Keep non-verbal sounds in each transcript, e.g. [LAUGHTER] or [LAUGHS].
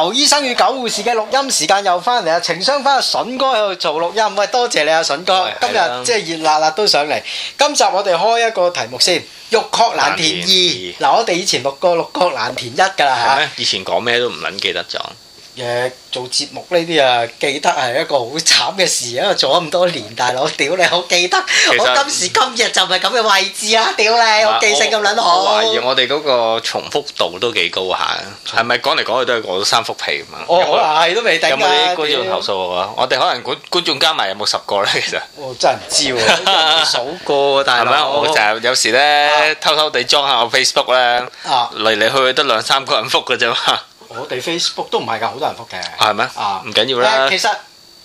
劉醫生與九護士嘅錄音時間又翻嚟啊！情商翻阿笋哥喺度做錄音，唔該多謝你啊，笋哥！今日即係熱辣辣都上嚟。今集我哋開一個題目先，欲壡難填二。嗱，我哋以前錄過《欲壡難填一》噶啦吓，以前講咩都唔撚記得咗。誒做節目呢啲啊，記得係一個好慘嘅事，因為做咗咁多年，大佬，屌你，好記得，我今時今日就唔係咁嘅位置啊！屌你，我記性咁撚好。懷疑我哋嗰個重複度都幾高下，係咪講嚟講去都係過咗三幅皮啊嘛？我話係都未定㗎。有啲觀眾投訴我啊，我哋可能觀觀眾加埋有冇十個咧？其實我真係唔知喎，冇數過。但係我就係有時咧，偷偷地裝下我 Facebook 咧，嚟嚟去去得兩三個人覆㗎啫嘛。我哋 Facebook 都唔係㗎，好多人覆嘅。嗎嗯、係咩？啊，唔緊要啦。其實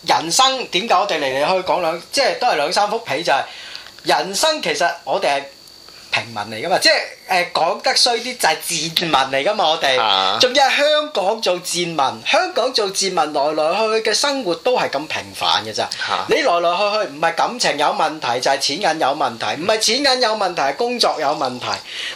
人生點解我哋嚟嚟去去講兩，即、就、係、是、都係兩三幅皮就係、是、人生。其實我哋係平民嚟㗎嘛，即、就、係、是。誒講得衰啲就係賤民嚟㗎嘛，我哋，仲要係香港做賤民，香港做賤民，來來去去嘅生活都係咁平凡嘅咋，你來來去去唔係感情有問題，就係錢銀有問題，唔係錢銀有問題係工作有問題，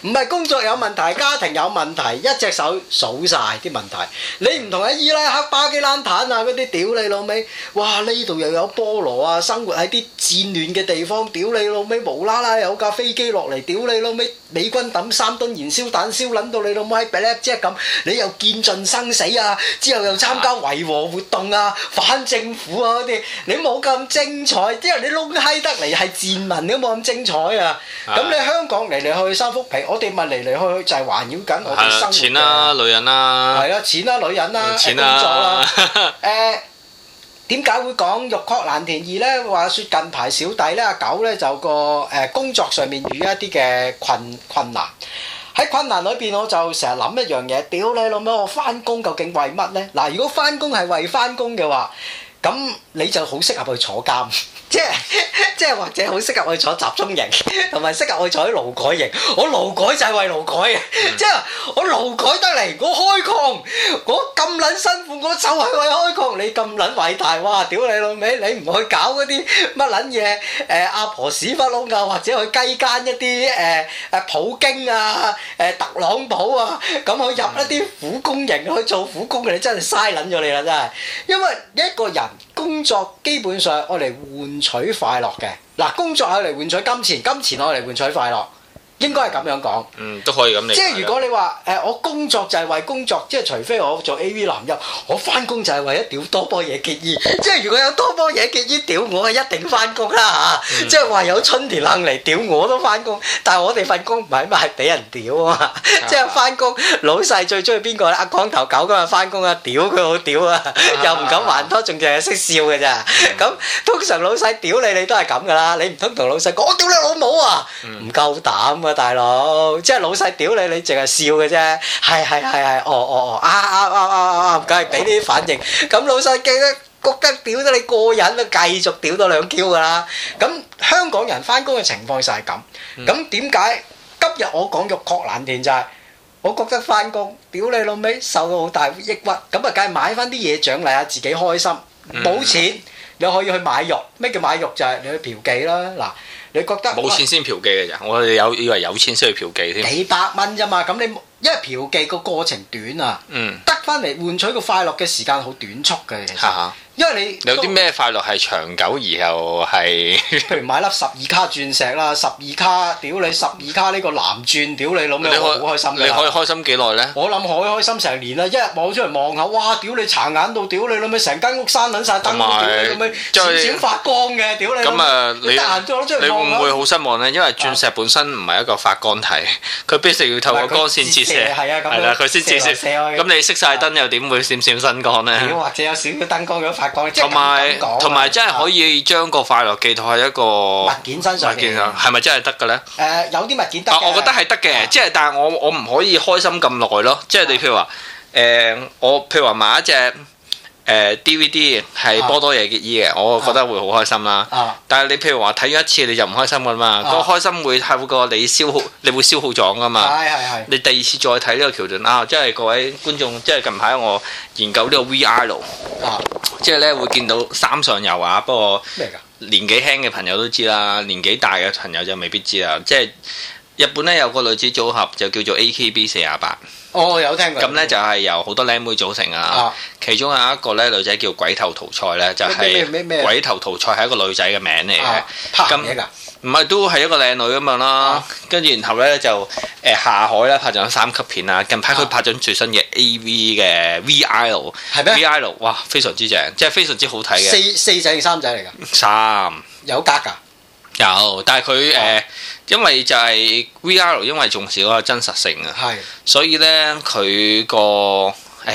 唔係工作有問題，家庭有問題，一隻手數晒啲問題。你唔同喺伊拉克、巴基斯坦啊嗰啲屌你老味，哇呢度又有菠蘿啊，生活喺啲戰亂嘅地方，屌你老味無啦啦有架飛機落嚟屌你老味。美軍抌三噸燃燒彈，燒撚到你老母閪即係咁，你又見盡生死啊，之後又參加維和活動啊，是的 反政府啊嗰啲，你冇咁精彩，因為你窿閪得嚟係賤民你都冇咁精彩啊。咁是的 你香港嚟嚟去去三幅皮，我哋咪嚟嚟去去就係環繞緊我哋生活啦，錢啦、啊，女人啦。係啊，錢啦、啊，女人啦、啊，誒工咗啦，誒、欸。 [LAUGHS] 點解會講欲壡難填2呢？話説近排小弟呢，阿、啊、九呢，就個誒、呃、工作上面遇一啲嘅困困難。喺困難裏邊，我就成日諗一樣嘢，屌你老母，我返工究竟為乜呢？嗱，如果返工係為返工嘅話，咁你就好適合去坐監。 [LAUGHS] 即係即係，或者好適合去坐集中營，同埋適合去坐勞改營。我勞改就係為勞改嘅，即係我勞改得嚟，我開礦，我咁撚辛苦，我就係為開礦。你咁撚偉大，哇！屌你老味，你唔去搞嗰啲乜撚嘢？誒、呃，阿婆屎忽窿啊，或者去雞奸一啲誒誒普京啊、誒、呃、特朗普啊，咁去入一啲苦工營去做苦工嘅，你真係嘥撚咗你啦，真係。因為一個人。工作基本上攞嚟換取快樂嘅，嗱，工作攞嚟換取金錢，金錢攞嚟換取快樂。應該係咁樣講。嗯，都可以咁理解。即係如果你話誒，我工作就係為工作，即係除非我做 A.V. 男優，我翻工就係為咗屌波多野結衣。即係如果有波多野結衣屌我，一定翻工啦嚇。即係話有春天冷嚟屌我都翻工，但係我哋份工唔係咪係俾人屌啊嘛？即係翻工老細最中意邊個咧？阿光頭狗今日翻工啊，屌佢好屌啊，又唔敢還拖，仲淨係識笑嘅咋？咁通常老細屌你，你都係咁噶啦。你唔通同老細講我屌你老母啊？唔夠膽啊！大佬，即係老細屌你，你淨係笑嘅啫，係係係係，哦哦哦，啊啊啊啊啊，梗係俾啲反應，咁老細記得覺得屌得你過癮，都繼續屌多兩 Q 㗎啦。咁香港人翻工嘅情況就係咁，咁點解今日我講肉確難填就係，我覺得翻工屌你老味，受到好大抑鬱，咁啊梗係買翻啲嘢獎勵下自己開心，冇錢你可以去買肉，咩叫買肉就係你去嫖妓啦，嗱。你覺得冇錢先嫖妓嘅咋？我哋有以為有錢先去嫖妓添。幾百蚊咋嘛？咁你。因為嫖妓個過程短啊，得翻嚟換取個快樂嘅時間好短促嘅，其實。因為你有啲咩快樂係長久而又係？譬如買粒十二卡鑽石啦，十二卡屌你，十二卡呢個藍鑽屌你，老味好開心。你可以開心幾耐咧？我諗可以開心成年啦，一日望出嚟望下，哇！屌你殘眼到，屌你老味，成間屋閂撚晒燈，屌你老味閃閃發光嘅，屌你老味！你行咗出嚟，你會唔會好失望咧？因為鑽石本身唔係一個發光體，佢必須要透過光線折係啊，係啦，佢先照射咁，你熄晒燈又點會閃閃星光呢？或者有少少燈光咁發光，同埋同埋真係可以將個快樂寄託喺一個物件身上。物件係咪真係得嘅呢？誒，有啲物件得嘅。我覺得係得嘅，即係但係我我唔可以開心咁耐咯。即係你譬如話誒，我譬如話買一隻。DVD 係波多野結衣嘅，啊、我覺得會好開心啦。啊、但係你譬如話睇咗一次你就唔開心噶啦嘛，啊、個開心會透過你消，耗，你會消耗咗噶嘛。係係係。哎哎、你第二次再睇呢個橋段啊，即係各位觀眾，即係近排我研究呢個 VR 路、啊、即係咧會見到三上游啊。不過年紀輕嘅朋友都知啦，年紀大嘅朋友就未必知啦。即係。日本咧有個女子組合就叫做 A.K.B. 四十八，哦我有聽過，咁咧就係由好多靚妹組成啊，其中有一個咧女仔叫鬼頭桃菜咧，就係鬼頭桃菜係一個女仔嘅名嚟嘅，拍嘢唔係都係一個靚女咁樣啦，跟住然後咧就誒下海啦，拍咗三級片啦，近排佢拍咗最新嘅 A.V. 嘅 V.I.O. 係 V.I.O. 哇，非常之正，即係非常之好睇嘅。四四仔定三仔嚟㗎？三有格㗎？有，但係佢誒。因為就係 V R，因為重視嗰個真實性啊，的所以咧佢個誒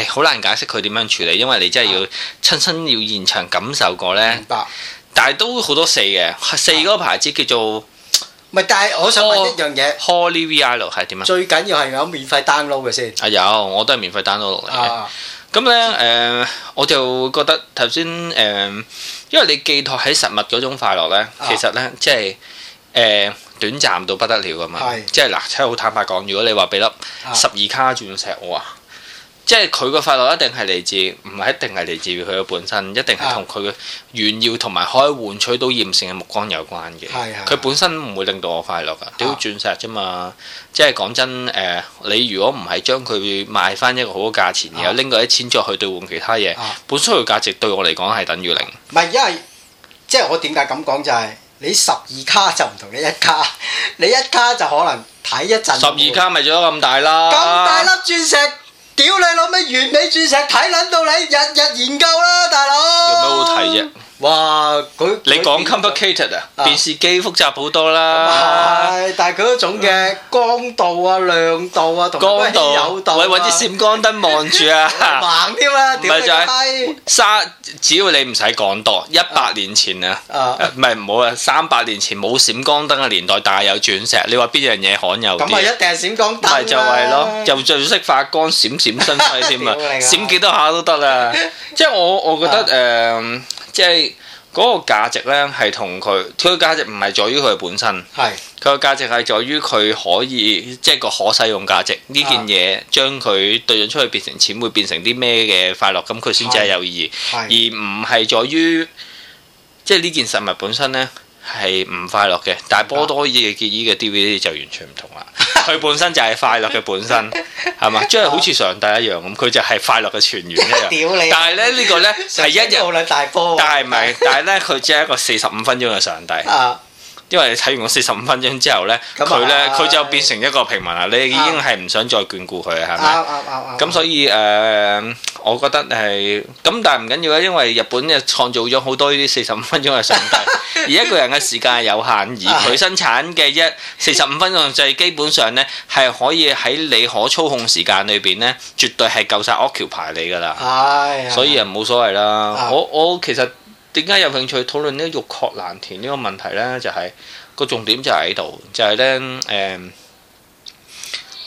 好難解釋佢點樣處理，因為你真係要親身要現場感受過咧。明白，但係都好多四嘅四嗰個牌子叫做唔係、啊，但係我想問一樣嘢，Holy 哈 V R 係點啊？最緊要係有免費 download 嘅先啊！有我都係免費 download 落嚟嘅。咁咧誒，我就覺得頭先誒，因為你寄託喺實物嗰種快樂咧，其實咧即係誒。呃呃短暫到不得了噶嘛，是即係嗱，真係好坦白講，如果你話俾粒十二卡鑽石我啊，是即係佢個快樂一定係嚟自，唔係一定係嚟自於佢嘅本身，一定係同佢炫耀同埋可以換取到艷羨嘅目光有關嘅。佢本身唔會令到我快樂噶，雕鑽是石啫嘛。即係講真，誒、呃，你如果唔係將佢賣翻一個好嘅價錢，然後拎嗰啲錢再去兌換其他嘢，是本身佢價值對我嚟講係等於零。唔係，因為即係我點解咁講就係、就係。你十二卡就唔同你一卡，你一卡就可能睇一陣。十二卡咪做得咁大啦，咁大粒鑽石，屌你老味完美鑽石，睇捻到你日日研究啦，大佬。有咩好睇啫？哇！你講 complicated 啊，電視機複雜好多啦。但係佢嗰種嘅光度啊、亮度啊，同埋有度。喂，揾啲閃光燈望住啊！盲添啊，咪就係三，只要你唔使講多。一百年前啊，唔係唔好啊，三百年前冇閃光燈嘅年代，大有鑽石。你話邊樣嘢罕有？咁咪一定係閃光燈啦。咪就係咯，就最識發光，閃閃生輝添啊！閃幾多下都得啦。即係我，我覺得誒。即係嗰個價值咧，係同佢佢個價值唔係在於佢本身，係佢個價值係在於佢可以即係個可使用價值呢件嘢，將佢兌換出去變成錢，會變成啲咩嘅快樂？咁佢先至係有意義，而唔係在於即係呢件實物本身咧係唔快樂嘅。但係波多野結衣嘅 DVD 就完全唔同啦。佢本身就係快樂嘅本身，係嘛？ [LAUGHS] 即係好似上帝一樣咁，佢就係快樂嘅泉源一樣。 [LAUGHS] 但係咧呢個咧係一日，但係唔係。但係呢，佢只係一個四十五分鐘嘅上帝。 [LAUGHS] 啊因為你睇完我四十五分鐘之後呢，佢呢的，佢就變成一個平民啦。你已經係唔想再眷顧佢係咪？咁所以誒、呃，我覺得係咁，但係唔緊要啦。因為日本嘅創造咗好多呢啲四十五分鐘嘅上帝。 [LAUGHS] 而一個人嘅時間係有限，而佢生產嘅一四十五分鐘就係基本上呢，係可以喺你可操控時間裏邊呢，絕對係夠晒。occupy 你㗎啦。啊、所以又冇所謂啦。啊、對我我其實～點解有興趣討論呢個欲壑難填呢個問題呢？就係、是、個重點就喺度，就係、是、呢。誒、呃，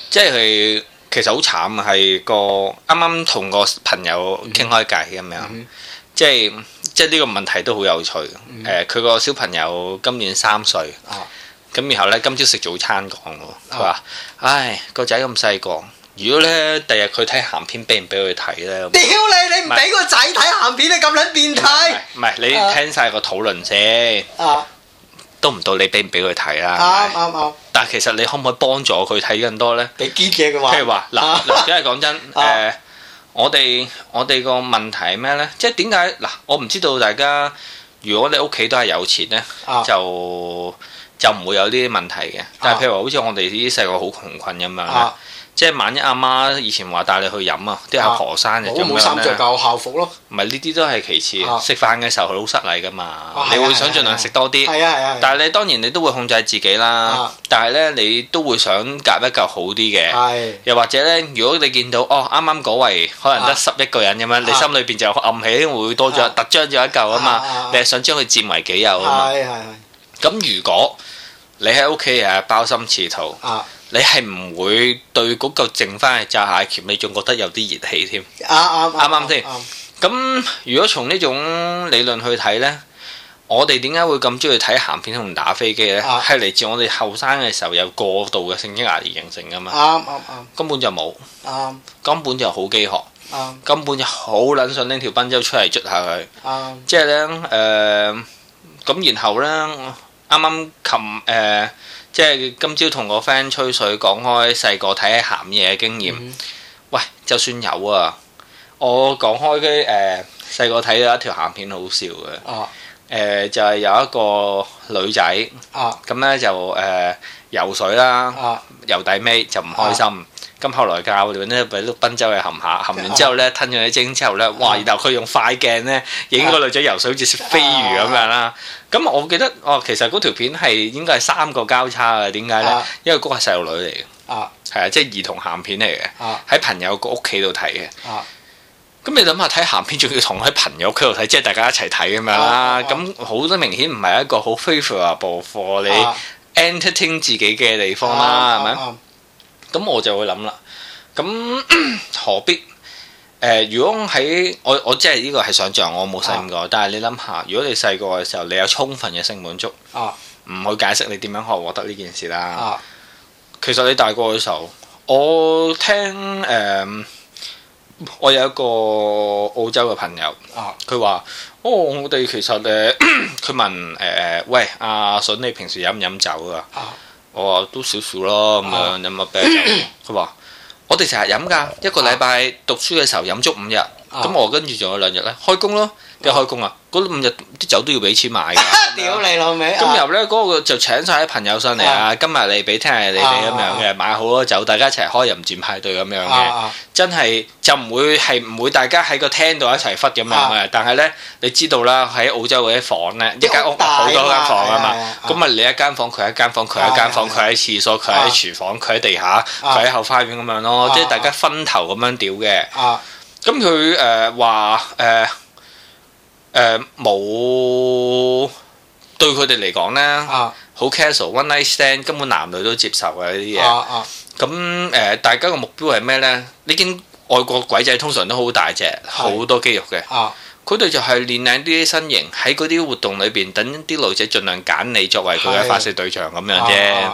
即係佢其實好慘啊！係個啱啱同個朋友傾開偈咁樣，嗯、即係即係呢個問題都好有趣。誒、嗯，佢個、呃、小朋友今年三歲，咁、啊、然後呢，今朝食早餐講喎，係嘛？唉、啊哎，個仔咁細個。如果咧，第日佢睇鹹片，俾唔俾佢睇咧？屌你！你唔俾個仔睇鹹片，你咁撚變態！唔係你聽晒個討論先，都唔到你俾唔俾佢睇啦。啱啱但係其實你可唔可以幫助佢睇更多咧？俾堅嘅話，譬如話嗱，真係講真，誒，我哋我哋個問題係咩咧？即係點解嗱？我唔知道大家，如果你屋企都係有錢咧，就就唔會有呢啲問題嘅。但係譬如話，好似我哋啲細個好窮困咁樣咧。即係萬一阿媽以前話帶你去飲啊，啲阿婆生日，咁樣咧。我冇衫著校服咯。唔係呢啲都係其次，食飯嘅時候佢好失禮噶嘛。你會想盡量食多啲。但係你當然你都會控制自己啦。但係呢，你都會想夾一嚿好啲嘅。又或者呢，如果你見到哦，啱啱嗰圍可能得十一個人咁樣，你心裏邊就暗起會多咗，突將咗一嚿啊嘛。你係想將佢佔為己有啊嘛。咁如果你喺屋企誒包心切肚。你係唔會對嗰嚿剩翻嘅炸蟹鉗，你仲覺得有啲熱氣添？啱啱啱啱啱先。咁如果從呢種理論去睇呢，我哋點解會咁中意睇鹹片同打飛機呢？係嚟、啊、自我哋後生嘅時候有過度嘅性慾壓力而形成噶嘛、啊啊啊根？根本就冇。啊、根本就好飢渴。根本、啊、就好撚想拎條賓周出嚟捽下佢。即係呢，誒、呃、咁，然後呢，啱啱琴誒。呃嗯嗯嗯嗯剛剛剛剛即係今朝同個 friend 吹水講開細個睇鹹嘢嘅經驗，嗯、哼喂，就算有啊，我講開啲誒細個睇到一條鹹片好笑嘅，誒、啊呃、就係、是、有一個女仔，咁咧、啊、就誒、呃、游水啦，啊、游底尾就唔開心。啊啊咁後來教佢咧，咪喺度奔走去含下，含完之後呢，吞咗一精之後呢。哇！然後佢用快鏡呢，影個女仔游水好似食飛魚咁樣啦。咁、啊、我記得哦，其實嗰條片係應該係三個交叉嘅，點解呢？啊、因為嗰個係細路女嚟嘅，係啊，即係、就是、兒童鹹片嚟嘅，喺、啊、朋友個屋企度睇嘅。咁、啊、你諗下睇鹹片，仲要同喺朋友屋企度睇，即係大家一齊睇咁樣啦。咁好多明顯唔係一個好飛馳話播課，你 entertain 自己嘅地方啦，係咪、啊？啊啊啊啊咁我就會諗啦，咁何必？誒、呃，如果喺我我，我即係呢個係想像，我冇細個，啊、但係你諗下，如果你細個嘅時候你有充分嘅性滿足，唔去、啊、解釋你點樣可獲得呢件事啦。啊、其實你大個嘅時候，我聽誒、呃，我有一個澳洲嘅朋友，佢話、啊：哦，我哋其實誒，佢、呃、問誒誒、呃，喂，阿、啊、筍，你平時飲唔飲酒啊？我話、哦、都少少咯，咁、嗯、樣飲下啤酒，佢話 [COUGHS] 我哋成日飲噶，一個禮拜讀書嘅時候飲足五日，咁、啊、我跟住仲有兩日咧，開工咯。即係開工啊！嗰五日啲酒都要俾錢買嘅。屌你老味！今日咧嗰個就請晒啲朋友上嚟啊！今日你俾，聽日你哋咁樣嘅買好多酒，大家一齊開淫餞派對咁樣嘅。真係就唔會係唔會大家喺個廳度一齊忽咁樣嘅。但係咧，你知道啦，喺澳洲嗰啲房咧，一間屋好多間房啊嘛。咁啊，你一間房，佢一間房，佢一間房，佢喺廁所，佢喺廚房，佢喺地下，佢喺後花園咁樣咯。即係大家分頭咁樣屌嘅。咁佢誒話誒。誒冇、呃、對佢哋嚟講咧，好、啊、casual，one night stand 根本男女都接受嘅呢啲嘢。咁誒、啊啊呃，大家嘅目標係咩咧？你見外國鬼仔通常都好大隻，好是多肌肉嘅。佢哋、啊、就係練靚啲身形，喺嗰啲活動裏邊，等啲女仔盡量揀你作為佢嘅發射對象咁樣啫。咁是、啊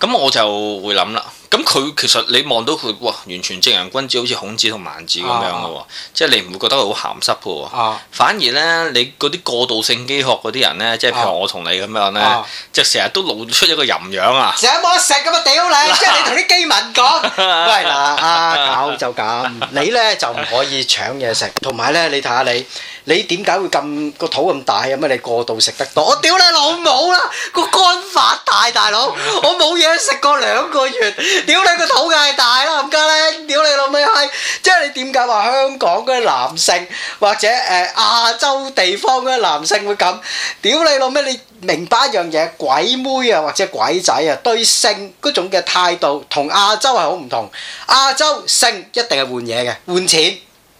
啊、我就會諗啦。咁佢其實你望到佢，哇！完全正人君子，好似孔子同孟子咁樣嘅喎，即係你唔會覺得佢好鹹濕嘅喎。反而呢，你嗰啲過度性饑渴嗰啲人呢，即係譬如我同你咁樣呢，即係成日都露出一個淫樣啊！成日冇得食咁啊！屌你，即係你同啲饑民講，喂，嗱，阿九就咁，你呢就唔可以搶嘢食，同埋呢，你睇下你，你點解會咁個肚咁大？有乜你過度食得多？我屌你老母啦，個肝發大，大佬，我冇嘢食過兩個月。屌你個肚咁大啦，唔加呢！屌你老味係，即係你點解話香港嗰啲男性或者誒亞洲地方嗰啲男性會咁？屌你老味，你明白一樣嘢，鬼妹啊或者鬼仔啊對性嗰種嘅態度同亞洲係好唔同。亞洲性一定係換嘢嘅，換錢。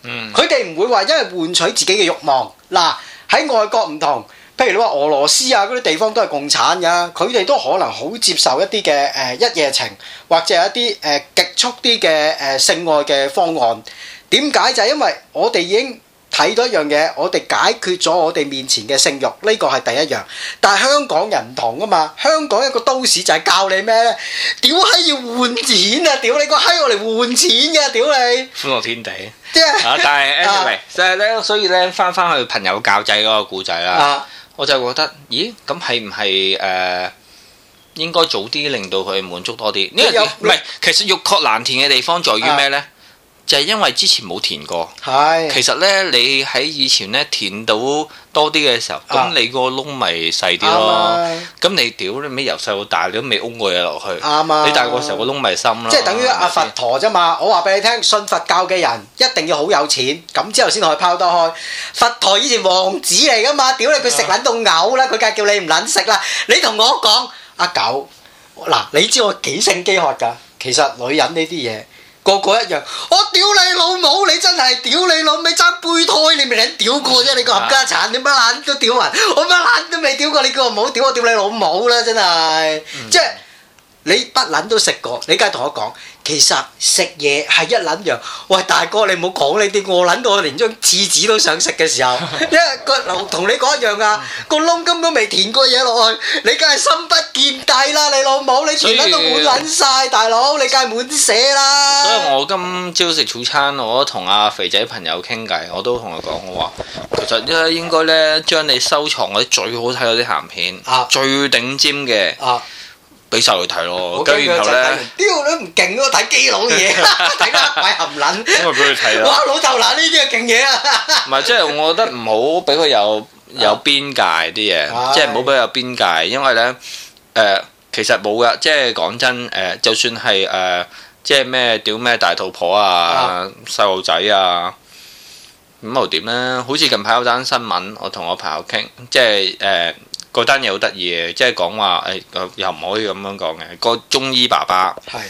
嗯，佢哋唔會話因為換取自己嘅慾望。嗱，喺外國唔同。譬如你話俄羅斯啊嗰啲地方都係共產噶，佢哋都可能好接受一啲嘅誒一夜情或者係一啲誒極速啲嘅誒性愛嘅方案。點解就係因為我哋已經睇到一樣嘢，我哋解決咗我哋面前嘅性慾，呢個係第一樣。但係香港人唔同啊嘛，香港一個都市就係教你咩咧？屌閪要換錢啊！屌你個閪，我嚟換錢㗎！屌你！歡樂天地即係，但係 anyway 就係咧，所以咧翻翻去朋友教仔嗰個故仔啦。我就係覺得，咦？咁係唔係誒應該早啲令到佢滿足多啲？因為唔係，其實欲壑難填嘅地方在於咩呢？啊、就係因為之前冇填過。係。是的 其實呢，你喺以前呢，填到。多啲嘅時候，咁你個窿咪細啲咯。咁你屌你尾，由細到大，你都未㧬過嘢落去。啱啊！你大個時候個窿咪深咯。即係等於阿佛陀啫嘛。我話俾你聽，信佛教嘅人一定要好有錢，咁之後先可以拋得開。佛陀以前王子嚟噶嘛？屌你，佢食撚到嘔啦，佢梗係叫你唔撚食啦。你同我講，阿狗，嗱，你知我幾性飢渴㗎？其實女人呢啲嘢。個個一樣，我屌你老母！你真係屌你老味爭背胎，你未想屌過啫、嗯！你個冚家鏟點乜撚都屌埋，我乜撚都未屌過，你叫我唔好屌我屌你老母啦！真係，嗯、即係。你不捻都食過，你梗係同我講，其實食嘢係一捻樣。喂，大哥，你唔好講呢啲，我捻到我連張廁紙都想食嘅時候， [LAUGHS] 因為個窿同你講一樣啊，嗯、個窿根本未填過嘢落去，你梗係心不見底啦，你老母，你全捻以都冇捻晒大佬，你梗係滿瀉啦。所以我今朝食早餐，我同阿肥仔朋友傾偈，我都同佢講，我話其實咧應該咧將你收藏嗰啲最好睇嗰啲鹹片，啊、最頂尖嘅。啊俾曬佢睇咯，咁然後咧，屌你唔勁咯，睇基佬嘢，睇得鬼含撚，咁咪俾佢睇咯。哇，老豆嗱呢啲係勁嘢啊！唔係即係我覺得唔好俾佢有有邊界啲嘢，即係唔好俾佢有邊界，因為咧誒其實冇噶，即係講真誒，就算係誒，即係咩屌咩大肚婆啊、細路仔啊，咁又點咧？好似近排有單新聞，我同我朋友傾，即係誒。個單嘢好得意嘅，即係講話誒，又唔可以咁樣講嘅。個中醫爸爸係的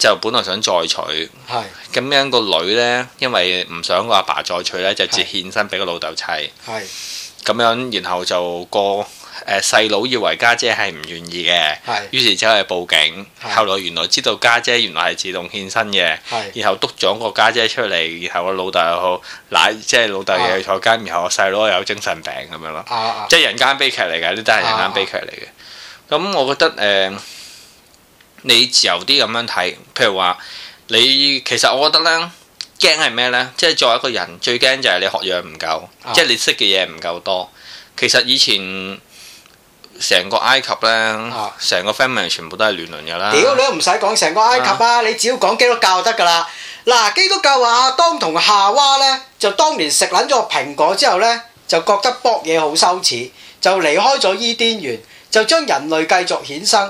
就本來想再娶，係咁的樣個女咧，因為唔想個阿爸再娶咧，就接獻身俾個老豆砌，係咁的樣，然後就過。誒細佬以為家姐係唔願意嘅，於是，是就係報警。是後來原來知道家姐，姐原來係自動獻身嘅，是然後督咗個家姐，姐出嚟，然後我老豆又好，乃即係老豆又去坐監，啊、然後我細佬又有精神病咁樣咯，啊啊即係人間悲劇嚟嘅，呢啲都係人間悲劇嚟嘅。咁、啊啊、我覺得誒、呃，你自由啲咁樣睇，譬如話你其實我覺得呢，驚係咩呢？即係作為一個人，最驚就係你學樣唔夠，即係你識嘅嘢唔夠多。其實以前。成個埃及咧，成個 family 全部都係亂倫嘅啦。屌、啊、你都唔使講成個埃及啊！啊你只要講基督教就得噶啦。嗱、啊，基督教話，亞當同夏娃咧，就當年食撚咗個蘋果之後咧，就覺得卜嘢好羞恥，就離開咗伊甸園，就將人類繼續衍生。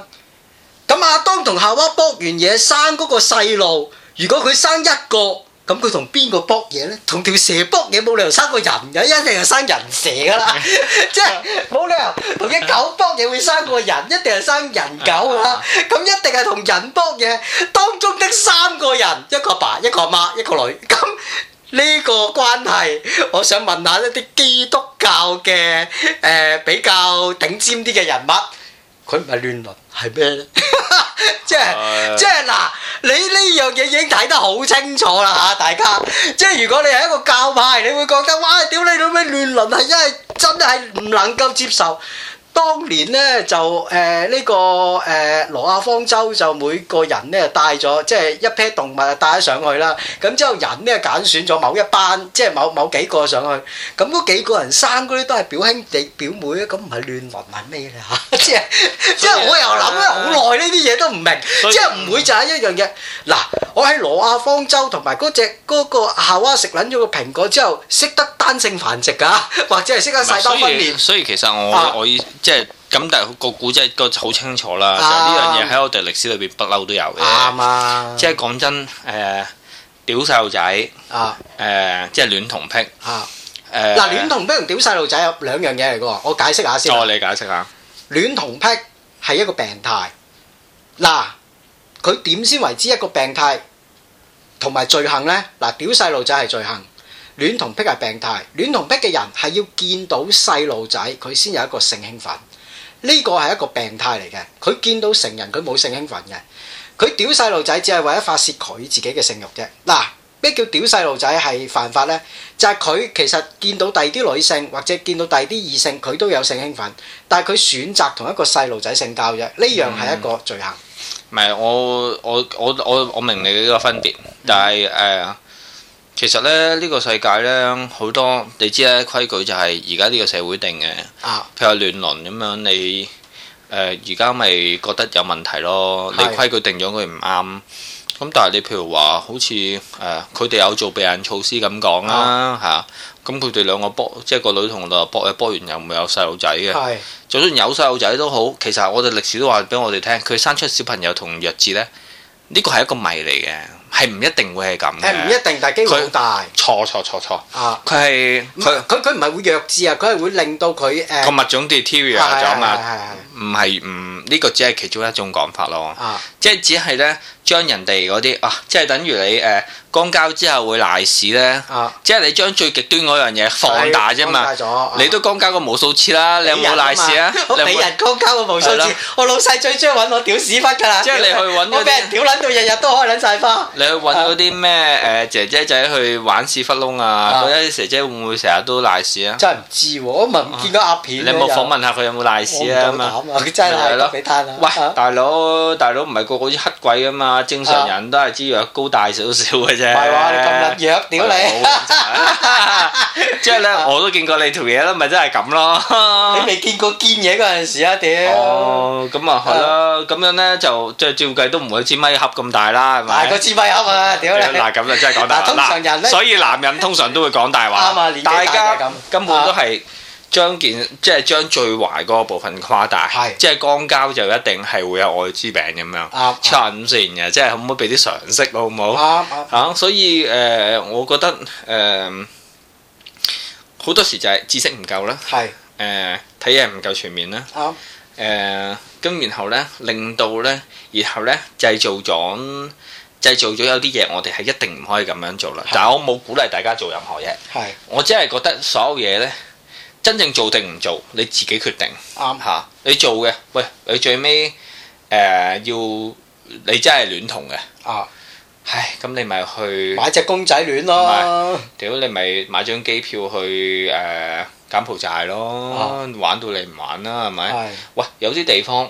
咁、啊、亞當同夏娃卜完嘢生嗰個細路，如果佢生一個。咁佢同邊個卜嘢呢？同條蛇卜嘢冇理由生個人嘅，一定係生人蛇噶啦。即係冇理由同隻狗卜嘢會生個人，一定係生人狗噶啦。咁 [LAUGHS] 一定係同人卜嘢，當中的三個人，一個阿爸、一個阿媽、一個女。咁呢個關係，我想問下一啲基督教嘅誒、呃、比較頂尖啲嘅人物。佢唔係亂倫係咩？即係即係嗱，你呢樣嘢已經睇得好清楚啦嚇，大家。即係如果你係一個教派，你會覺得哇，屌你老味亂倫係因為真係唔能夠接受。當年咧就誒呢個誒羅亞方舟就每個人咧帶咗即係一 pair 動物帶咗上去啦，咁之後人咧揀選咗某一班即係某某幾個上去，咁嗰幾個人生嗰啲都係表兄弟表妹咧，咁唔係亂混埋咩咧嚇？即係即係我又諗咧好耐呢啲嘢都唔明，即係唔會就係一樣嘅。嗱，我喺羅亞方舟同埋嗰隻嗰個夏娃食撚咗個蘋果之後，識得單性繁殖㗎，或者係識得細胞分裂。所以其實我我以即係咁，但係個古仔個好清楚啦。呢樣嘢喺我哋歷史裏邊不嬲都有嘅。啱啊！即係講真，誒、呃，屌細路仔，誒、啊呃，即係戀童癖。啊，誒、呃，嗱，戀童癖同屌細路仔有兩樣嘢嚟嘅。我解釋下先。多你解釋下，戀童癖係一個病態。嗱，佢點先為之一個病態同埋罪行咧？嗱，屌細路仔係罪行。戀童癖係病態，戀童癖嘅人係要見到細路仔佢先有一個性興奮，呢個係一個病態嚟嘅。佢見到成人佢冇性興奮嘅，佢屌細路仔只係為咗發洩佢自己嘅性欲啫。嗱、啊，咩叫屌細路仔係犯法咧？就係、是、佢其實見到第二啲女性或者見到第二啲異性佢都有性興奮，但係佢選擇同一個細路仔性交啫，呢樣係一個罪行。唔係、嗯，我我我我我明你呢個分別，嗯、但係誒。呃其實咧，呢個世界咧好多你知咧規矩就係而家呢個社會定嘅，啊、譬如話亂倫咁樣，你誒而家咪覺得有問題咯？是的 你規矩定咗佢唔啱，咁但係你譬如話好似誒，佢哋有做避孕措施咁講啦嚇，咁佢哋兩個波，即係個女同男搏又搏完又唔會有細路仔嘅，是的 就算有細路仔都好。其實我哋歷史都話俾我哋聽，佢生出小朋友同弱智咧，呢個係一個謎嚟嘅。係唔一定會係咁嘅，唔一定，但係機會好大。錯錯錯錯，佢係佢佢唔係會弱智啊！佢係會令到佢誒個物種 deteriorate 咗啊嘛，唔係唔呢個只係其中一種講法咯。即係只係咧將人哋嗰啲啊，即係等於你誒肛交之後會賴屎咧。即係你將最極端嗰樣嘢放大啫嘛，你都肛交過無數次啦，你有冇賴屎啊？你人肛交過無數次，我老細最鍾意揾我屌屎忽㗎啦。即係你去揾，我俾人屌撚到日日都可以撚晒花。去揾嗰啲咩誒姐姐仔去玩屎忽窿啊？嗰啲姐姐會唔會成日都賴屎啊？真係唔知喎，我聞見過鴨片。你有冇訪問下佢有冇賴屎啊？咁嘛，真係咯，俾喂，大佬，大佬唔係個個好似黑鬼啊嘛，正常人都係知腳高大少少嘅啫。唔係話你今日腳屌你，即係咧我都見過你條嘢啦，咪真係咁咯？你未見過堅嘢嗰陣時啊，屌！哦，咁啊係咯，咁樣咧就即係照計都唔會千米盒咁大啦，係咪？啱啊！屌你嗱咁啦，真係講得。嗱，所以男人通常都會講大話。啱啊，大家，根本都係將件即係將最壞嗰個部分誇大，即係肛交就一定係會有愛滋病咁樣，黐線嘅，即係可唔可以俾啲常識咯？好唔好？啱啱嚇，所以誒，我覺得誒好多時就係知識唔夠啦，係誒睇嘢唔夠全面啦，誒咁，然後咧令到咧，然後咧製造咗。製造咗有啲嘢，我哋係一定唔可以咁樣做啦。的但係我冇鼓勵大家做任何嘢。係的，我只係覺得所有嘢咧，真正做定唔做，你自己決定。啱吓的、啊，你做嘅，喂，你最尾誒、呃、要你真係戀童嘅。啊，唉，咁你咪去買隻公仔戀咯。屌，你咪買張機票去誒、呃、柬埔寨咯，啊、玩到你唔玩啦，係咪？的的喂，有啲地方。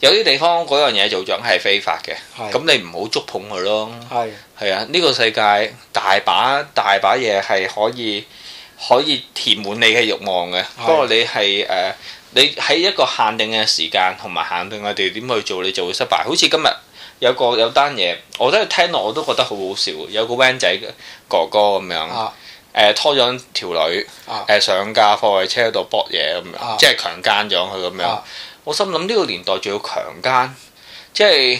有啲地方嗰樣嘢做咗係非法嘅，咁的你唔好觸碰佢咯。係係啊，呢、這個世界大把大把嘢係可以可以填滿你嘅欲望嘅，的不過你係誒、呃、你喺一個限定嘅時間同埋限定嘅地點去做，你就會失敗。好似今日有個有單嘢，我都聽落我都覺得好好笑。有個灣仔哥哥咁樣誒、啊呃、拖咗條女誒、啊呃、上架貨櫃車度搏嘢咁、啊、樣，即係強姦咗佢咁樣。啊我心諗呢、這個年代仲要強姦，即係誒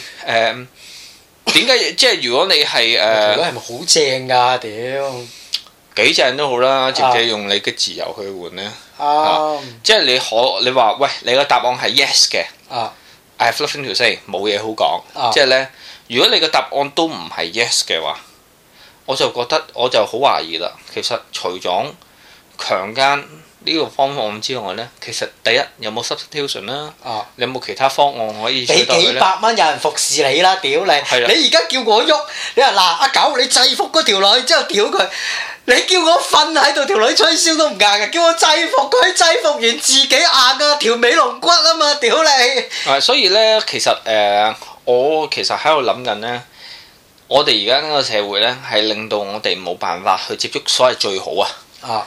點解？呃、 [COUGHS] 即係如果你係如果係咪好正㗎屌幾正都好啦，直接用你嘅自由去換咧、啊啊？即係你可你話喂，你嘅答案係 yes 嘅、啊、I have nothing to say，冇嘢好講。啊、即係咧，如果你嘅答案都唔係 yes 嘅話，我就覺得我就好懷疑啦。其實除咗強姦，呢個方案之外呢，其實第一有冇 substitution 啦？啊，你有冇其他方案可以取代咧？你幾百蚊有人服侍你啦，屌你！是的 你而家叫我喐，你話嗱阿狗，你制服嗰條女之後屌佢，你叫我瞓喺度條女吹簫都唔硬嘅，叫我制服佢，制服完自己硬啊條尾龍骨啊嘛，屌你、嗯！所以呢，其實誒、呃，我其實喺度諗緊呢，我哋而家呢個社會呢，係令到我哋冇辦法去接觸，所謂最好啊。啊。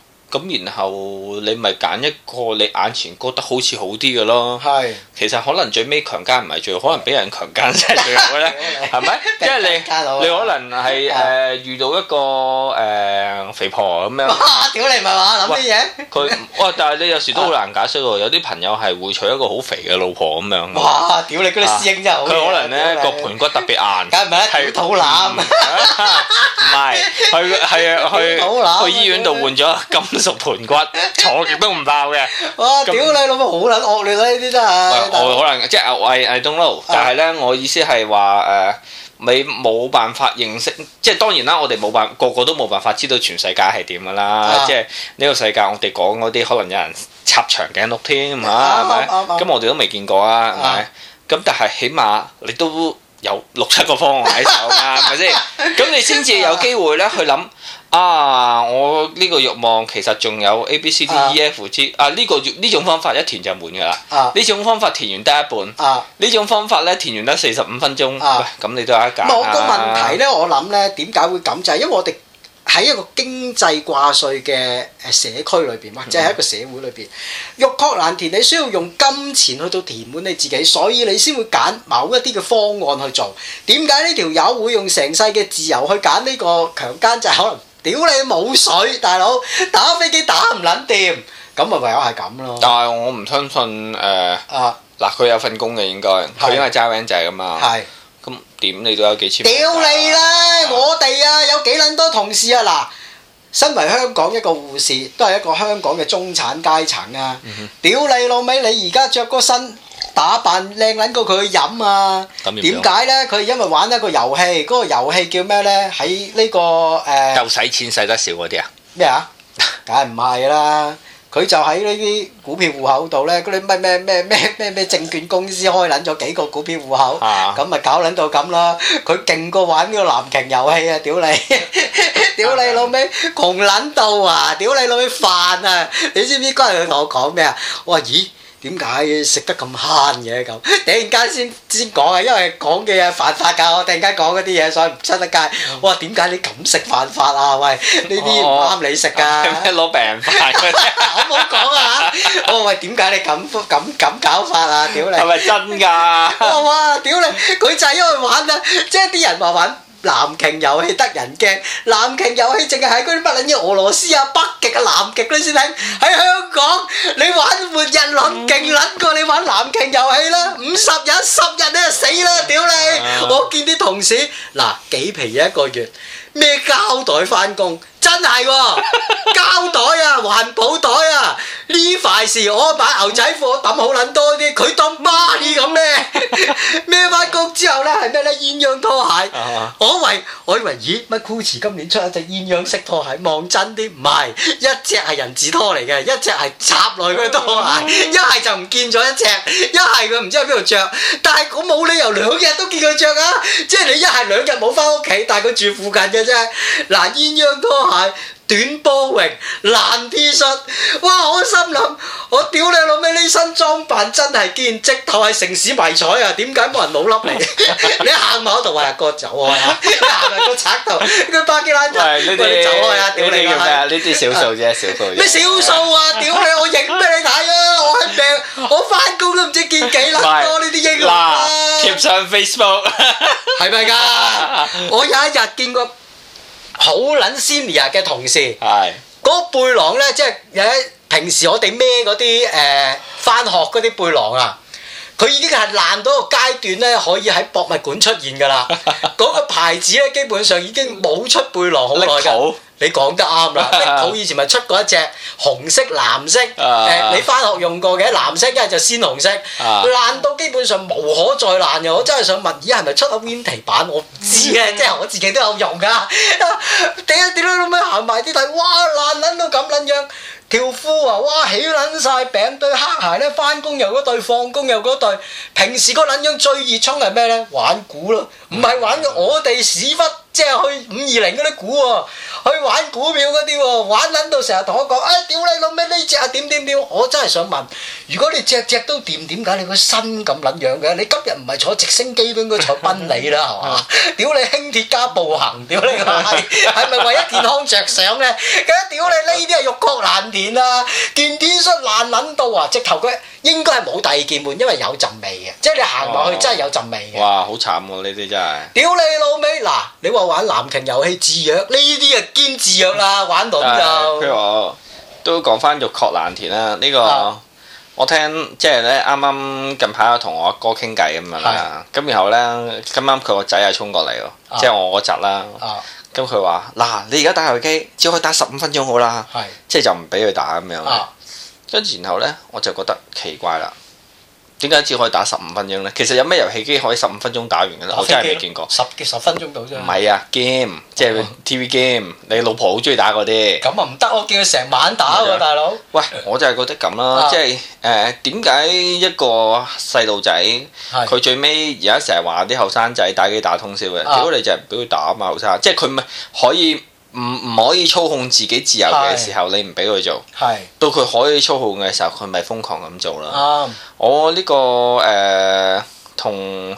咁然後你咪揀一個你眼前覺得好似好啲嘅咯。係，其實可能最尾強姦唔係最好，可能俾人強姦先係最好嘅咧，係咪？即係你你可能係誒遇到一個誒肥婆咁樣。哇！屌你唔係話諗啲嘢？佢哇！但係你有時都好難解釋喎，有啲朋友係會娶一個好肥嘅老婆咁樣。哇！屌你啲師兄真係佢可能咧個盆骨特別硬，梗係唔係？去肚腩，唔係去係啊去去醫院度換咗金。屬盤骨坐極都唔爆嘅，哇！屌你老母好捻惡劣啊！呢啲真係我可能即係 I don't know，但係咧，我意思係話誒，你冇辦法認識，即係當然啦，我哋冇辦個個都冇辦法知道全世界係點噶啦，即係呢個世界我哋講嗰啲可能有人插長頸鹿添吓，係咪？咁我哋都未見過啊，係咪？咁但係起碼你都有六七個方案喺手啦，係咪先？咁你先至有機會咧去諗。啊！我呢個欲望其實仲有 A C、啊、B、C、D、E、F、G 啊！呢、這個呢種方法一填就滿㗎啦。呢、啊、種方法填完得一半。呢、啊、種方法咧填完得四十五分鐘。咁、啊哎、你都有一揀。我個問題咧，啊、我諗咧點解會咁就係、是、因為我哋喺一個經濟掛帥嘅社區裏邊，或者喺一個社會裏邊，嗯、欲壑難填，你需要用金錢去到填滿你自己，所以你先會揀某一啲嘅方案去做。點解呢條友會用成世嘅自由去揀呢個強姦就係、可能？屌你冇水，大佬打飛機打唔撚掂，咁咪唯有係咁咯。但係我唔相信誒。啊！嗱，佢有份工嘅應該，佢因為揸 van 仔啊嘛。係。咁點你都有幾千？屌你啦！我哋啊有幾撚多同事啊嗱，身為香港一個護士，都係一個香港嘅中產階層啊！屌你老味，你而家著個身。打扮靚撚過佢去飲啊！點解咧？佢因為玩一個遊戲，嗰個遊戲叫咩咧？喺呢個誒夠使錢使得少嗰啲啊！咩啊？梗係唔係啦？佢就喺呢啲股票戶口度咧，嗰啲乜乜乜乜乜乜乜證券公司開撚咗幾個股票戶口，咁咪搞撚到咁啦！佢勁過玩呢個藍鯨遊戲啊！屌你！屌你老味窮撚到啊！屌你老味煩啊！你知唔知嗰日佢同我講咩啊？我話咦？點解食得咁慳嘅咁？突然間先先講啊，因為講嘅嘢犯法㗎，我突然間講嗰啲嘢，所以唔出得街。我話點解你咁食犯法啊？喂，呢啲唔啱你食㗎，攞、哦、病人飯。我冇講啊！我話點解你咁咁咁搞法啊？屌你！係咪真㗎？哇！屌你，佢就係因為玩啊，即係啲人話玩。南極遊戲得人驚，南極遊戲淨係喺嗰啲乜撚嘢？俄羅斯啊、北極啊、南極嗰啲先睇，喺香港你玩沒日咁勁撚過你玩南極遊戲啦，五十日十日你就死啦，屌你！啊、我見啲同事嗱幾皮一個月，咩膠袋返工。真係喎膠袋啊，環保袋啊，呢塊事我買牛仔褲揼好撚多啲，佢當媽咪咁咧孭翻工之後咧係咩咧？鴛鴦拖鞋，我以為我以為咦乜 gucci 今年出一隻鴛鴦色拖鞋望真啲，唔係一隻係人字拖嚟嘅，一隻係插內嘅拖鞋，一係就唔見咗一隻，一係佢唔知喺邊度著，但係我冇理由兩日都見佢著啊，即係你一係兩日冇翻屋企，但係佢住附近嘅啫，嗱鴛鴦拖鞋。短波泳爛 T 恤，哇！我心諗，我屌你老味，呢身裝扮真係見直頭係城市迷彩啊！點解冇人老笠你？你行埋喺度話，阿哥走開啊，行埋個賊頭，個巴基斯坦，你走開啊！屌你啊！呢啲少數啫，少數。咩少數啊？屌你！我影俾你睇啊！我係病，我翻工都唔知見幾粒多呢啲英雄啊！貼上 Facebook 係咪噶？我有一日見過。好撚 Senior 嘅同事，嗰的背囊咧，即係有平時我哋孭嗰啲誒翻學嗰啲背囊啊，佢已經係爛到個階段咧，可以喺博物館出現㗎啦。嗰 [LAUGHS] 個牌子咧，基本上已經冇出背囊好耐㗎。你講得啱啦，Apple 以前咪出過一隻紅色、藍色，誒你翻學用過嘅藍色，一係就鮮紅色，爛到基本上無可再爛嘅，我真係想問，而家係咪出緊 Win7 版？我唔知咧，即係我自己都有用噶，屌點樣咁樣行埋啲睇，哇爛撚到咁撚樣，條褲啊，哇起撚曬餅對黑鞋咧，翻工又嗰對，放工又嗰對，平時嗰撚樣最熱衷係咩咧？玩股咯，唔係玩我哋屎忽。即係去五二零嗰啲股喎，去玩股票嗰啲喎，玩捻到成日同我講，哎，屌你老味呢隻啊點點點，我真係想問，如果你隻隻都掂，點解你個身咁捻樣嘅？你今日唔係坐直升機都應該坐賓利啦，係嘛？屌你輕鐵加步行，屌你係咪為咗健康着想咧？咁屌你呢啲係欲壡難填啊，見天窗難捻到啊！直頭佢應該係冇第二件門，因為有陣味嘅，即係你行落去真係有陣味嘅。哇，好慘喎！呢啲真係。屌你老味嗱，你話。玩藍鯨遊戲自虐呢啲啊，堅自虐啦，玩到就。佢話都講翻欲壑難填啦，呢、這個、啊、我聽即係咧，啱、就、啱、是、近排有同我阿哥傾偈咁啊嘛，咁是的 然後咧，今啱佢個仔啊衝過嚟，即係我個侄啦，咁佢話嗱，你而家打遊戲只可以打十五分鐘好啦，即係是的 就唔俾佢打咁樣，咁、啊啊、然後咧我就覺得奇怪啦。點解只可以打十五分鐘呢？其實有咩遊戲機可以十五分鐘打完嘅咧？我真係未見過。十幾十分鐘到啫。唔係啊，game 即係 TV game，你老婆好中意打嗰啲。咁啊唔得，我見佢成晚打喎，的大佬哥。喂，我就係覺得咁啦，啊、即係誒點解一個細路仔，佢、啊、最尾而家成日話啲後生仔打機打通宵嘅，如、啊、果你就係唔俾佢打啊嘛，後生，即係佢唔係可以。唔唔可以操控自己自由嘅時候，是你唔俾佢做，是到佢可以操控嘅時候，佢咪瘋狂咁做啦。嗯、我呢、呢個誒、呃、同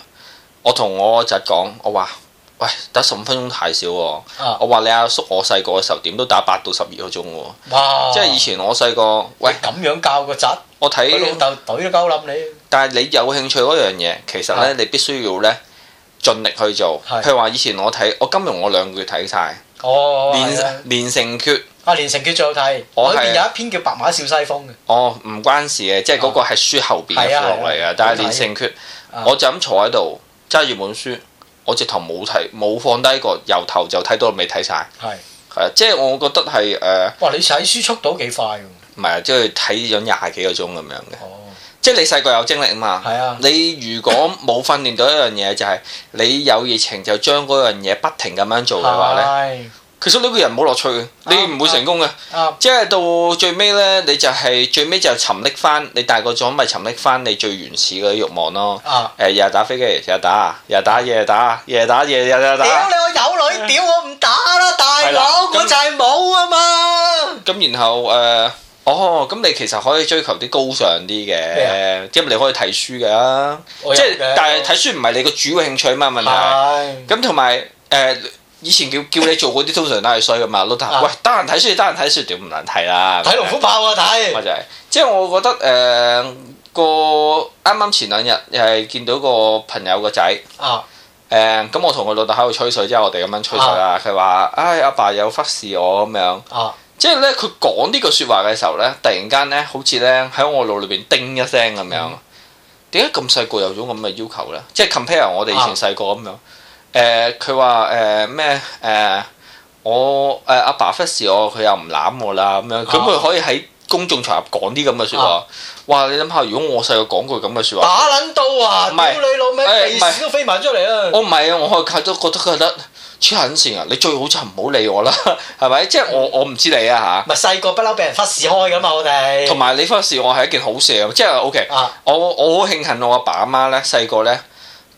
我同我侄講，我話：喂，打十五分鐘太少喎。啊、我話你阿叔，我細個嘅時候點都打八到十二個鐘喎。哇即係以前我細個喂咁樣教個侄，我睇看老豆懟都鳩諗你。但係你有興趣嗰樣嘢，其實咧的你必須要咧盡力去做。譬的如話以前我睇我金融，我兩個月睇晒。哦，啊、連連城訣啊，連城訣最好睇，我係、啊、有一篇叫《白馬嘯西風》嘅。哦，唔關事嘅，即係嗰個係書後邊放落嚟嘅。啊啊、但係連城訣，我，看我就咁坐喺度揸住本書，我直頭冇睇，冇放低過，由頭就睇到未睇晒。係係啊，啊，即係我覺得係誒。呃、哇！你睇書速度幾快喎？唔係啊，即係睇咗廿幾個鐘咁樣嘅。哦。即係你細個有精力啊嘛，你如果冇訓練到一樣嘢，就係你有熱情就將嗰樣嘢不停咁樣做嘅話咧，其實呢個人冇樂趣，你唔會成功嘅。即係到最尾咧，你就係最尾就沉溺翻，你大個咗咪沉溺翻你最原始嗰啲慾望咯。誒日日打飛機，日日打，日日打，夜打，夜打，夜日打。屌你個有女，屌我唔打啦，大佬，我就係冇啊嘛。咁然後誒。哦，咁你其實可以追求啲高尚啲嘅，因為你可以睇書嘅，即係但係睇書唔係你個主要興趣啊嘛？問題，咁同埋誒以前叫叫你做嗰啲通常都係衰㗎嘛，老豆。喂，得閒睇書，得閒睇書屌唔難睇啦？睇龍虎豹啊，睇。咁就係，即係我覺得誒個啱啱前兩日又係見到個朋友個仔，誒咁我同佢老豆喺度吹水，即係我哋咁樣吹水啦。佢話，唉，阿爸有忽視我咁樣。即係咧，佢講呢句說話嘅時候咧，突然間咧，好似咧喺我腦裏邊叮一聲咁樣。點解咁細個有咗咁嘅要求咧？即係 compare 我哋以前細個咁樣。誒，佢話誒咩？誒，我誒阿爸忽視我，佢又唔攬我啦咁樣。佢，佢可以喺公眾場合講啲咁嘅說話。啊、哇！你諗下，如果我細個講句咁嘅說話，打撚到啊！屌話你老咩！鼻屎都飛埋出嚟啦！我唔係啊，我佢都覺得佢得。黐緊線啊！你最好就唔好理我啦，係咪？即係我我唔知你啊吓？唔係細個不嬲俾人忽視開㗎嘛，我哋同埋你忽視我係一件好事啊即！即係 OK，我我好慶幸我阿爸阿媽咧，細個咧。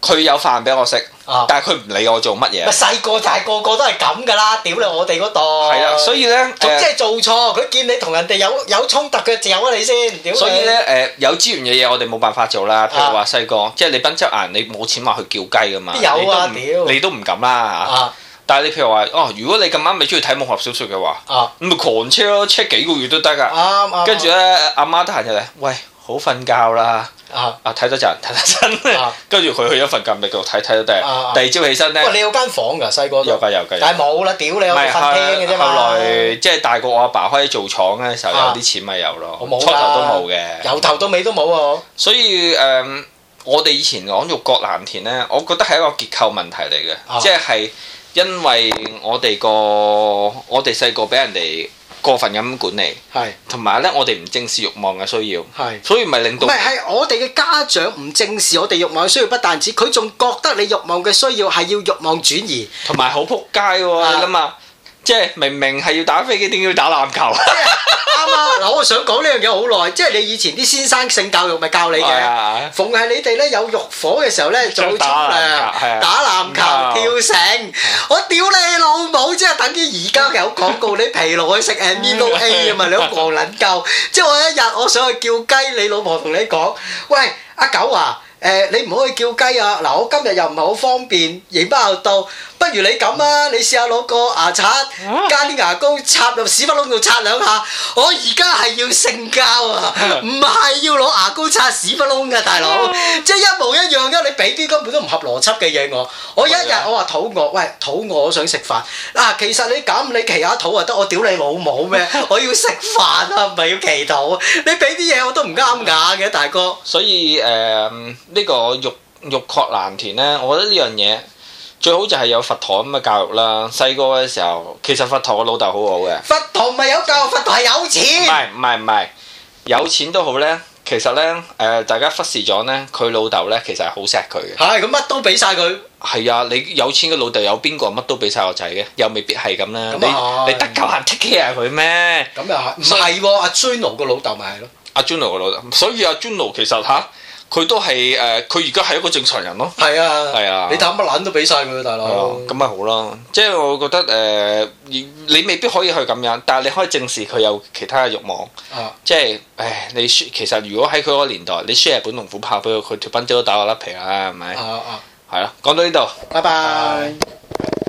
佢有飯俾我食，但係佢唔理我做乜嘢。咪細個就係個個都係咁噶啦，屌你我哋嗰度。係啊，所以咧，即係做錯，佢見你同人哋有有衝突嘅，就咬你先。所以咧，誒有資源嘅嘢，我哋冇辦法做啦。譬如話細個，即係你揼出銀，你冇錢話去叫雞噶嘛。有啊，你都唔敢啦。但係你譬如話，哦，如果你咁啱咪中意睇武俠小説嘅話，咁咪狂車咯，車幾個月都得噶。跟住咧，阿媽得閒入嚟，喂，好瞓覺啦。啊啊睇多陣睇多陣，跟住佢去咗份覺咪叫睇睇到第第二朝起身咧。不過你有間房噶細個有間有嘅，但係冇啦屌你有份廳嘅啫嘛。後來即係大個我阿爸開始做廠嘅時候，有啲錢咪有咯。初頭都冇嘅，由頭到尾都冇啊。所以誒，我哋以前講欲壡難填咧，我覺得係一個結構問題嚟嘅，即係因為我哋個我哋細個俾人哋。過分咁管理，係同埋咧，我哋唔正視欲望嘅需要，係是，所以唔係令到唔係，係我哋嘅家長唔正視我哋欲望嘅需要，不但止，佢仲覺得你欲望嘅需要係要欲望轉移，同埋好撲街㗎嘛。的即係明明係要打飛機，點解要打籃球？啱啱！嗱，我想講呢樣嘢好耐，即係你以前啲先生性教育咪教你嘅，逢係你哋咧有欲火嘅時候咧，就沖涼、打籃球、跳繩。我屌你老母！即係等於而家有廣告，你疲勞去食 Milo A 啊嘛，你好狂撚鳩！即係我一日我想去叫雞，你老婆同你講：喂，阿狗啊，誒你唔好去叫雞啊！嗱，我今日又唔係好方便，影不夠到。不如你咁啊！你試下攞個牙刷加啲牙膏插入屎忽窿度擦兩下。我而家係要性交啊，唔係要攞牙膏擦屎忽窿噶，大佬。即係一模一樣噶，你俾啲根本都唔合邏輯嘅嘢我。我一日我話肚餓，喂肚餓，我想食飯。嗱、啊，其實你咁你祈下禱就得，我屌你老母咩？我要食飯啊，唔係要祈禱。你俾啲嘢我都唔啱眼嘅，大哥。所以誒，呃這個、玉玉田呢個欲欲壑難填咧，我覺得呢樣嘢。最好就係有佛堂咁嘅教育啦。細個嘅時候，其實佛堂個老豆好好嘅。佛堂咪有教育，佛堂係有錢。唔係唔係唔係，有錢都好咧。其實咧，誒、呃、大家忽視咗咧，佢老豆咧其實係好錫佢嘅。係，咁、嗯、乜都俾晒佢。係啊，你有錢嘅老豆有邊個乜都俾晒個仔嘅？又未必係咁啦。你你得夠閒 take care 佢咩？咁又係唔係？阿 Junno 嘅老豆咪係咯。阿 Junno 嘅老豆，所以阿、啊、Junno 其實嚇。啊啊佢都係誒，佢而家係一個正常人咯。係啊，係啊，你打乜撚都俾曬佢，大佬。咁咪、啊、好咯，即係我覺得誒、呃，你未必可以去咁樣，但係你可以正視佢有其他嘅慾望。啊、即係，唉，你輸其實如果喺佢嗰個年代，你輸日本龍虎豹俾佢，佢脱緊仔都打甩皮啦，係咪？啊啊，係、啊、講到呢度，拜拜 bye。